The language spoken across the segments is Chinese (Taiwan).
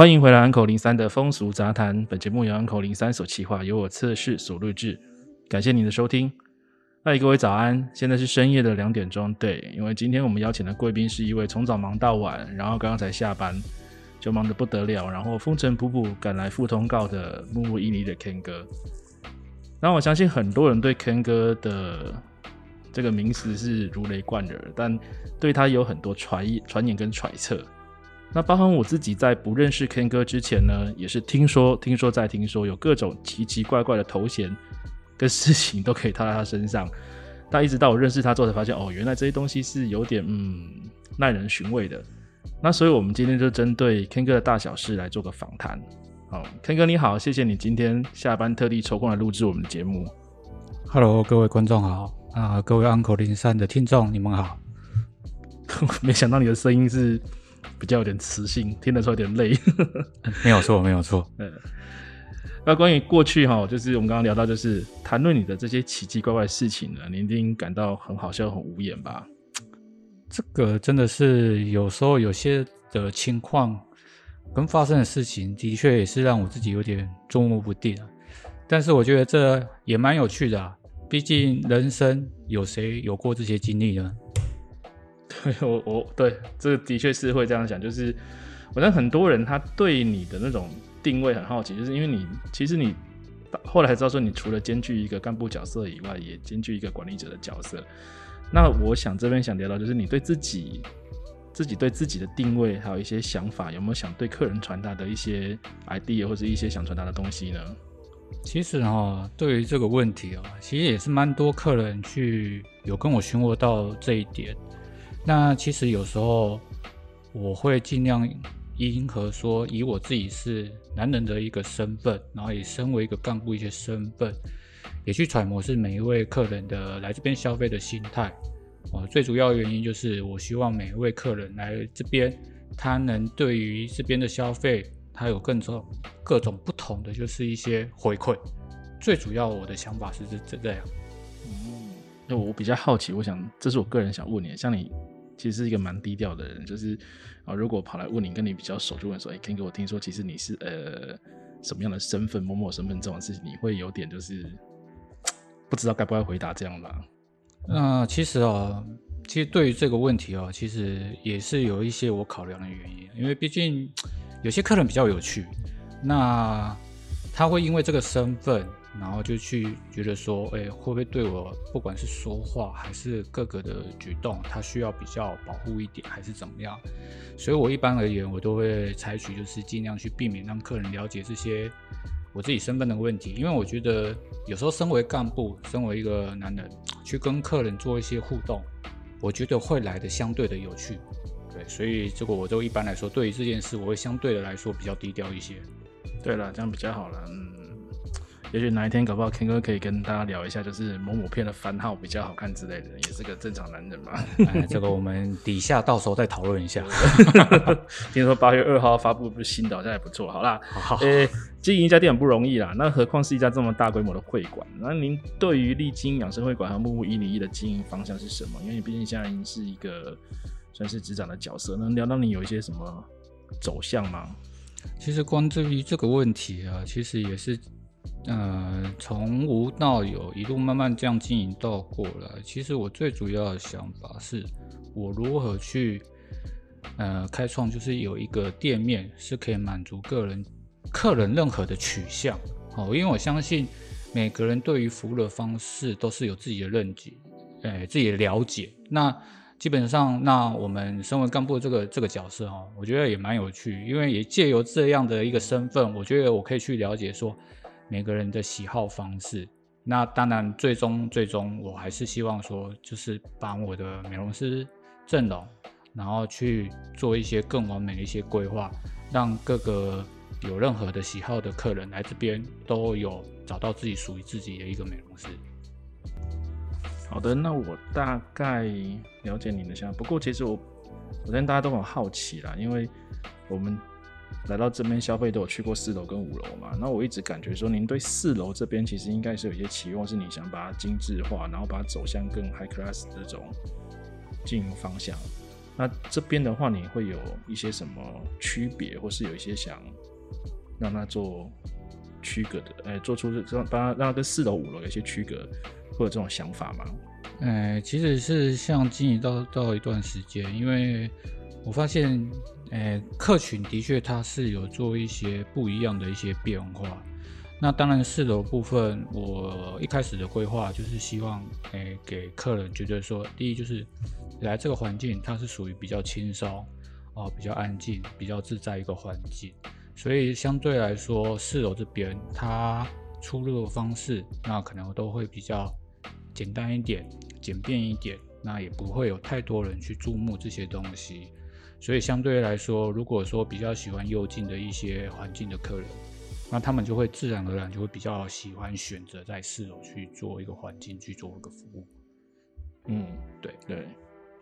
歡迎回來，Uncle03 的風俗雜談。本節目由 Uncle03 所企劃，由我測試所錄制。感謝您的收聽。嗨，各位早安！現在是深夜的兩點鐘。對，因為今天我們邀請的貴賓是一位從早忙到晚，然後剛剛才下班就忙得不得了，然後風塵僕僕趕，趕來赴通告的沐莯101的 Ken 哥。那我相信很多人對 Ken 哥的這個名詞是如雷貫耳，但對他有很多揣一傳言跟揣測。那包括我自己在不認識 Ken 哥之前呢，也是聽說、聽說再聽說，有各種奇奇怪怪的頭銜跟事情都可以套在他身上。但一直到我認識他之後，才發現哦，原來這些東西是有點嗯耐人尋味的。那所以我們今天就針對 Ken 哥的大小事來做個訪談。好，Ken 哥你好，謝謝你今天下班特地抽空來錄制我們的節目。Hello，各位觀眾好啊，uh, 各位 Uncle 03的聽眾你們好。 沒想到你的聲音是。比較有點磁性，聽的時候有點累。 沒有錯，沒有錯。 嗯、那關於過去哈、哦，就是我們剛剛聊到，就是談論你的這些奇奇怪怪的事情呢，你一定感到很好笑、很無言吧？這個真的是有時候有些的情況跟發生的事情，的確也是讓我自己有點捉摸不定。但是我覺得這也蠻有趣的啊，畢竟人生有誰有過這些經歷呢？對，我我對這個的確是會這樣想，就是，我想很多人他對你的那種定位很好奇，就是因為你其實你到後來知道說，你除了兼具一個幹部角色以外，也兼具一個管理者的角色。那我想這邊想聊到，就是你對自己自己對自己的定位，還有一些想法，有沒有想對客人傳達的一些 idea 或者一些想傳達的東西呢？其實哦，對於這個問題哦，其實也是蠻多客人去有跟我詢問到這一點。那其實有時候我會盡量迎合，說以我自己是男人的一個身份，然後也身為一個幹部一些身份，也去揣摩是每一位客人的來這邊消費的心態。我、哦、最主要原因就是我希望每一位客人來這邊，他能對於這邊的消費，他有更多各種不同的就是一些回饋。最主要我的想法是這這樣。嗯，那、嗯呃、我比較好奇，我想這是我個人想問你的，像你。其實是一個蠻低調的人，就是啊、哦，如果我跑來問你，跟你比較熟，就問說，誒，Ken 哥，我聽說其實你是呃什麼樣的身份，某某身份，這種事情你會有點就是不知道該不該回答這樣吧？那其實哦，其實對於這個問題哦，其實也是有一些我考量的原因，因為畢竟有些客人比較有趣，那他會因為這個身份。然後就去覺得說，哎、欸，會不會對我不管是說話還是各個的舉動，他需要比較保護一點，還是怎麼樣？所以我一般而言，我都會採取就是盡量去避免讓客人了解這些我自己身份的問題，因為我覺得有時候身為幹部，身為一個男人去跟客人做一些互動，我覺得會來得相對的有趣，對，所以這個我都一般來說，對於這件事，我會相對的來說比較低調一些。對了，這樣比較好了，嗯。也許哪一天搞不好 Ken 哥可以跟大家聊一下，就是某某片的番號比較好看之類的，也是個正常男人嘛。 哎、這個我們底下到時候再討論一下。 聽說八月二號發布，不是新的好像也不錯，好啦。好，好，呃、欸，經營一家店很不容易啦，那何況是一家這麼大規模的會館。那您對於麗晶養生會館和沐莯101的經營方向是什麼？因為你畢竟現在已經是一個算是執掌的角色，能聊到你有一些什麼走向嗎？其實，關於這個問題啊，其實也是。呃，從無到有，一路慢慢這樣經營到過來。其實我最主要的想法是，我如何去呃開創，就是有一個店面是可以滿足個人客人任何的取向。好，因為我相信每個人對於服務的方式都是有自己的認知，誒、欸，自己的了解。那基本上，那我們身為幹部的這個這個角色哈，我覺得也蠻有趣，因為也借由這樣的一個身份，我覺得我可以去了解說。每個人的喜好方式，那當然，最終最終，我還是希望說，就是把我的美容師陣容，然後去做一些更完美的一些規劃，讓各個有任何的喜好的客人來這邊都有找到自己屬於自己的一個美容師。好的，那我大概了解你的想法。不過，其實我，我相信大家都很好奇啦，因為我們。來到這邊消費都有去過四樓跟五樓嘛，那我一直感覺說您對四樓這邊其實應該是有一些期望，是你想把它精緻化，然後把它走向更 high class 這種經營方向。那這邊的話，你會有一些什麼區別，或是有一些想讓它做區隔的，欸，做出讓把它讓它跟四樓、五樓有些區隔，會有這種想法嗎？欸，其實是像經營到到一段時間，因為我發現。誒，客群的確它是有做一些不一樣的一些變化。那當然，四樓部分我一開始的規劃就是希望誒給客人覺得說，第一就是來這個環境它是屬於比較輕鬆哦，比較安靜、比較自在一個環境。所以相對來說，四樓這邊它出入的方式，那可能都會比較簡單一點、簡便一點，那也不會有太多人去注目這些東西。所以相對來說，如果說比較喜歡幽靜的一些環境的客人，那他們就會自然而然就會比較喜歡選擇在四樓去做一個環境，去做一個服務。嗯，對對，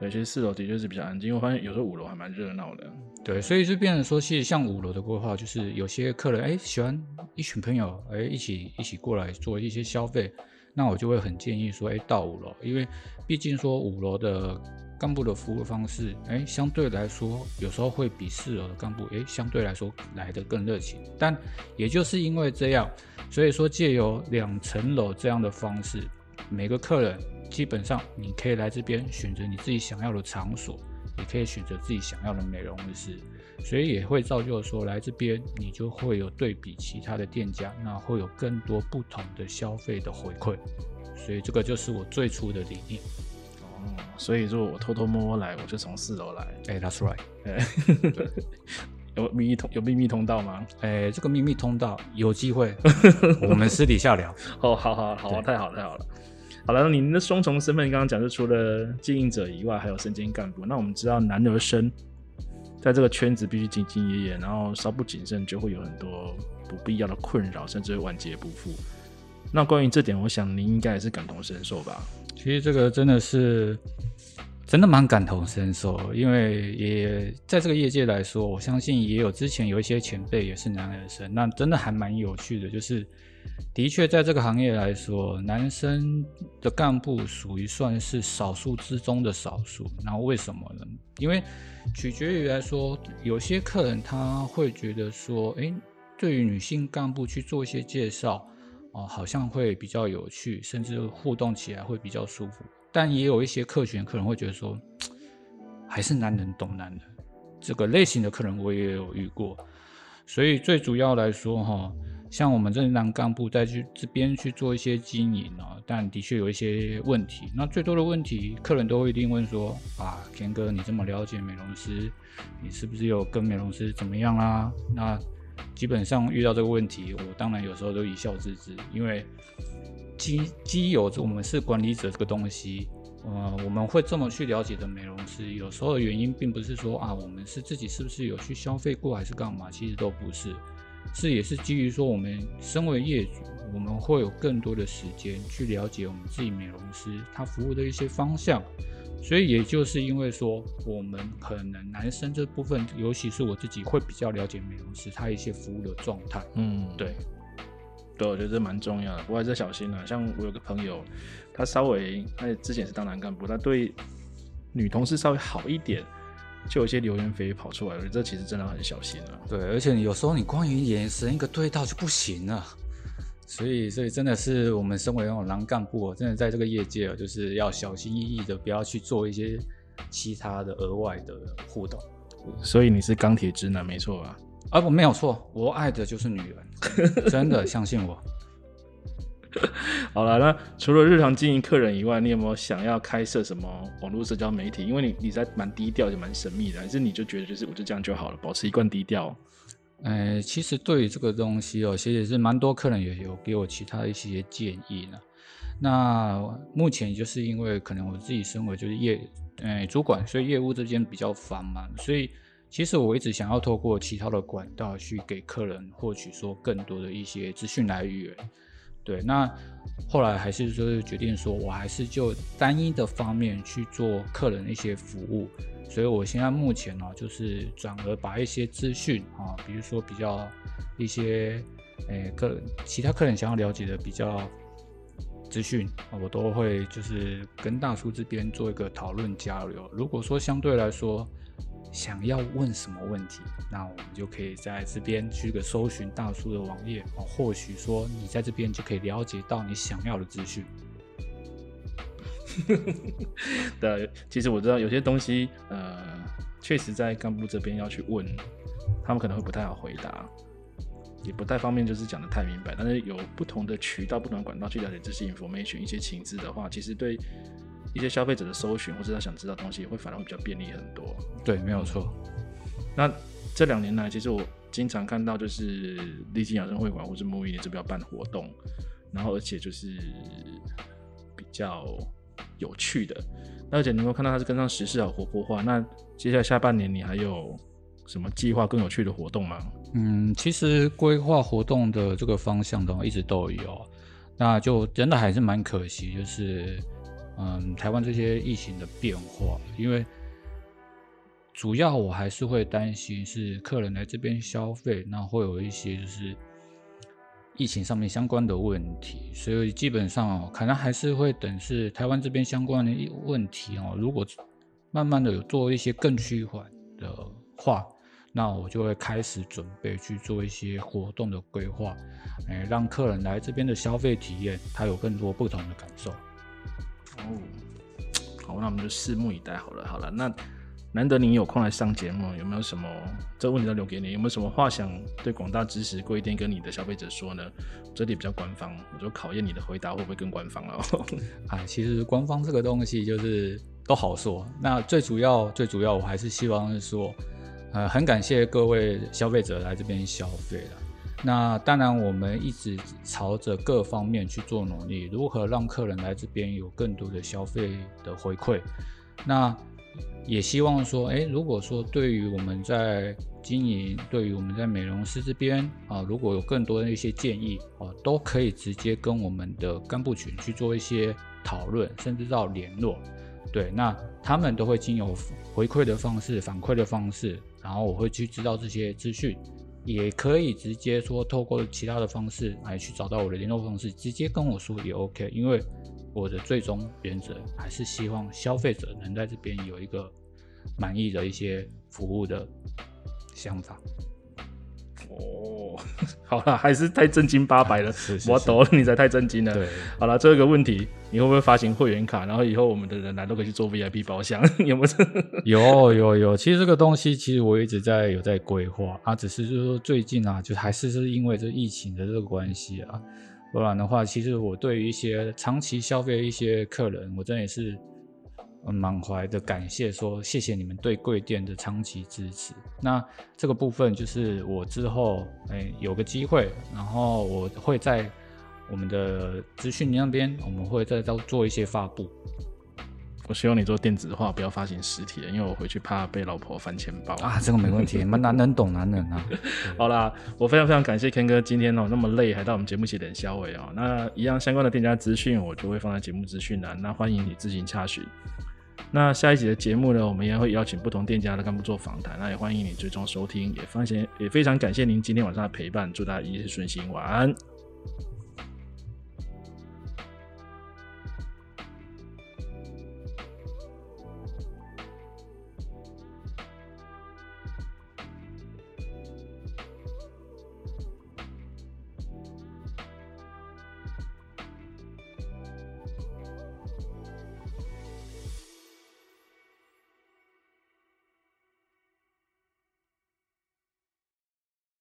有些四樓的確是比較安靜，我發現有時候五樓還蠻熱鬧的。對，所以就變成說，其實像五樓的規劃，就是有些客人哎、欸、喜歡一群朋友哎、欸、一起一起過來做一些消費，那我就會很建議說哎、欸、到五樓，因為畢竟說五樓的。幹部的服務方式，誒、欸，相對來說，有時候會比四樓的幹部，誒、欸，相對來說來得更熱情。但也就是因為這樣，所以說借由兩層樓這樣的方式，每個客人基本上你可以來這邊選擇你自己想要的場所，也可以選擇自己想要的美容師，所以也會造就說來這邊你就會有對比其他的店家，那會有更多不同的消費的回饋。所以這個就是我最初的理念。嗯、所以說我偷偷摸摸來，我就從四樓來。哎、欸、，That's right。哎，有秘密通有秘密通道嗎？哎、欸，這個秘密通道有機會， 我們私底下聊。哦，好好好，好啊、對太好太好了。好了，您的雙重身份剛剛講，就除了經營者以外，還有身兼幹部。那我們知道，男兒身在這個圈子必須兢兢業業，然後稍不謹慎就會有很多不必要的困擾，甚至會萬劫不復。那關於這點，我想您應該也是感同身受吧。其實這個真的是，真的蠻感同身受，因為也在這個業界來說，我相信也有之前有一些前輩也是男兒身，那真的還蠻有趣的，就是的確在這個行業來說，男生的幹部屬於算是少數之中的少數。然後為什麼呢？因為取決於來說，有些客人他會覺得說，誒、欸，對於女性幹部去做一些介紹。哦，好像會比較有趣，甚至互動起來會比較舒服。但也有一些客群，客人會覺得說，還是男人懂男人，這個類型的客人我也有遇過。所以最主要來說哈，像我們這男幹部再去這邊去做一些經營哦，但的確有一些問題。那最多的問題，客人都會一定問說：啊，Ken 哥，你這麼了解美容師，你是不是有跟美容師怎麼樣啊？那。基本上遇到這個問題，我當然有時候都一笑置之，因為基基友，我們是管理者這個東西，呃，我們會這麼去了解的。美容師有時候的原因並不是說啊，我們是自己是不是有去消費過還是幹嘛，其實都不是，是也是基於說我們身為業主，我們會有更多的時間去了解我們自己美容師他服務的一些方向。所以也就是因為說，我們可能男生這部分，尤其是我自己會比較了解美容師他一些服務的狀態。嗯，對，對，我覺得這蠻重要的，我還是要小心了啊。像我有個朋友，他稍微他之前也是當男幹部，他對女同事稍微好一點，就有一些流言蜚語跑出來了。我覺得這其實真的很小心了啊。對，而且你有時候你光一眼神一個對到就不行了啊。所以，所以真的是我們身為那種男幹部，真的在這個業界啊，就是要小心翼翼的，不要去做一些其他的額外的互動。所以你是鋼鐵直男，沒錯吧？啊，我沒有錯，我愛的就是女人，真的 相信我。好了，那除了日常經營客人以外，你有沒有想要開設什麼網絡社交媒體？因為你你在蠻低調，就蠻神祕的，還是你就覺得就是我就這樣就好了，保持一貫低調。哎，其實對於這個東西哦，其實也是蠻多客人也有給我其他一些建議呢。那目前就是因為可能我自己身為就是業，哎，主管，所以業務這邊比較繁忙，所以其實我一直想要透過其他的管道去給客人獲取說更多的一些資訊來源。對，那後來還是說是決定說我還是就單一的方面去做客人一些服務。所以，我現在目前呢，就是轉而把一些資訊啊，比如說比較一些誒客其他客人想要了解的比較資訊，我都會就是跟大叔這邊做一個討論交流。如果說相對來說想要問什麼問題，那我們就可以在這邊去一個搜尋大叔的網頁，或許說你在這邊就可以了解到你想要的資訊。的， 其實我知道有些東西，呃，確實在幹部這邊要去問，他們可能會不太好回答，也不太方便，就是講得太明白。但是有不同的渠道、不同的管道去了解這些 information 一些情資的話，其實對一些消費者的搜尋或者他想知道的東西，會反而會比較便利很多。對，沒有錯。嗯、那這兩年來，其實我經常看到，就是儷晶養生會館或者沐莯這邊要辦活動，然後而且就是比較。有趣的，那而且能夠看到它是跟上時事啊，活潑化。那接下來下半年你還有什麼計劃更有趣的活動嗎？嗯，其實規劃活動的這個方向的話，一直都有，那就真的還是蠻可惜，就是嗯，台灣這些疫情的變化，因為主要我還是會擔心是客人來這邊消費，那會有一些就是。疫情上面相關的問題，所以基本上哦，可能還是會等是台灣這邊相關的問題哦。如果慢慢的有做一些更趨緩的話，那我就會開始準備去做一些活動的規劃，欸，讓客人來這邊的消費體驗，他有更多不同的感受。哦，好，那我們就拭目以待好了，好了，那。難得你有空來上節目，有沒有什麼這個問題要留給你？有沒有什麼話想對廣大支持貴店跟你的消費者說呢？這裡比較官方，我就考驗你的回答會不會更官方了，哦。啊，其實官方這個東西就是都好說。那最主要、最主要，我還是希望是說，呃，很感謝各位消費者來這邊消費了。那當然，我們一直朝着各方面去做努力，如何讓客人來這邊有更多的消費的回饋？那。也希望說，誒、欸，如果說對於我們在經營，對於我們在美容師這邊啊，如果有更多的一些建議啊，都可以直接跟我們的幹部群去做一些討論，甚至到聯絡。對，那他們都會經由回饋的方式，反饋的方式，然後我會去知道這些資訊，也可以直接說透過其他的方式來去找到我的聯絡方式，直接跟我說也 OK，因為。我的最終原則還是希望消費者能在這邊有一個滿意的一些服務的想法。哦，好了，還是太正經八百了，啊、是是是，我懂了，你才太正經了。對，好了，最後一個問題，你會不會發行會員卡？然後以後我們的人來都可以去做 VIP 包廂，有沒有？有有有，其實這個東西其實我一直在有在規劃，啊，只是就是說最近啊，就還是是因為這疫情的這個關係啊。不然的話，其實我對於一些長期消費一些客人，我真的也是滿懷的感謝，說謝謝你們對貴店的長期支持。那這個部分就是我之後，哎、欸，有個機會，然後我會在我們的資訊那邊，我們會再做做一些發布。我希望你做電子化，不要發行實體的，因為我回去怕被老婆翻錢包啊。這個沒問題，男人 懂男人啊。 好啦，我非常非常感謝 Ken 哥今天哦、喔、那麼累還到我們節目起點結尾哦。那一樣相關的店家資訊，我就會放在節目資訊欄，那歡迎你自行查詢。那下一集的節目呢，我們也會邀請不同店家的幹部做訪談，那也歡迎你追蹤收聽。也發現也非常感謝您今天晚上的陪伴，祝大家一日順心晚，晚安。